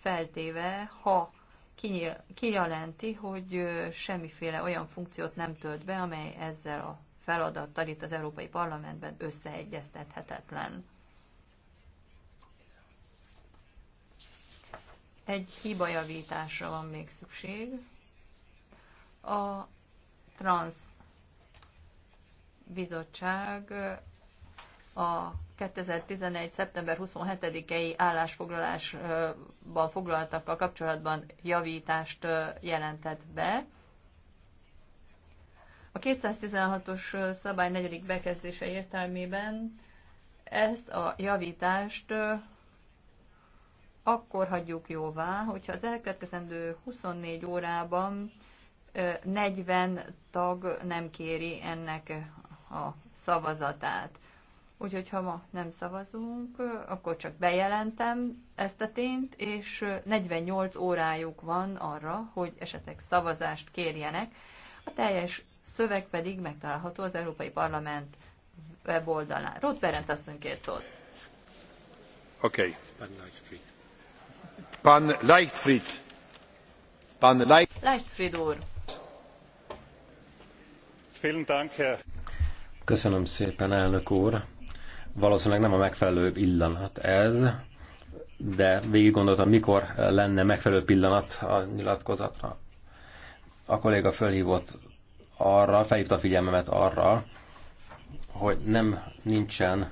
feltéve, ha kijelenti, hogy semmiféle olyan funkciót nem tölt be, amely ezzel a feladattal itt az Európai Parlamentben összeegyeztethetetlen. Egy hibajavításra van még szükség. A transz bizottság a 2011. szeptember 27-i állásfoglalásban foglaltakkal kapcsolatban javítást jelentett be. A 216-os szabály negyedik bekezdése értelmében ezt a javítást akkor hagyjuk jóvá, hogyha az elkövetkezendő 24 órában 40 tag nem kéri ennek a szavazatát. Úgyhogy ha ma nem szavazunk, akkor csak bejelentem ezt a tényt, és 48 órájuk van arra, hogy esetleg szavazást kérjenek. A teljes szöveg pedig megtalálható az Európai Parlament weboldalán. Ruth Berent asszony két szót. Oké. Okay. Pan Leichtfried. Pan Leichtfried. Leichtfried úr. Köszönöm szépen, elnök úr. Valószínűleg nem a megfelelő pillanat ez, de végig gondoltam, mikor lenne megfelelő pillanat a nyilatkozatra. A kolléga fölhívott arra, felhívta a figyelmemet arra, hogy nem nincsen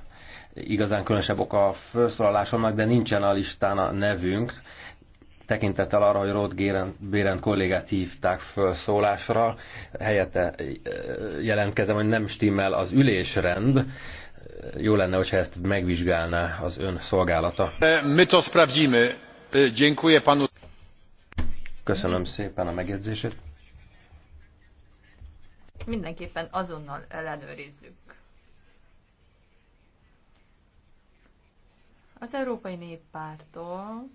igazán különösebb oka a felszólalásomnak, de nincsen a listán a nevünk, tekintettel arra, hogy Roth Béren kollégát hívták felszólásra, helyette jelentkezem, hogy nem stimmel az ülésrend, jó lenne, hogyha ezt megvizsgálná az ön szolgálata. E, Mi to sprawdzimy. E, dziękuję panu. Köszönöm szépen a megjegyzését. Mindenképpen azonnal ellenőrizzük. Az Európai Néppártól,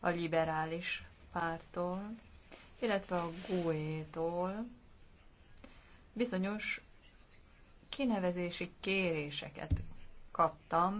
a Liberális Pártól, illetve a GUE-tól bizonyos kinevezési kéréseket kaptam.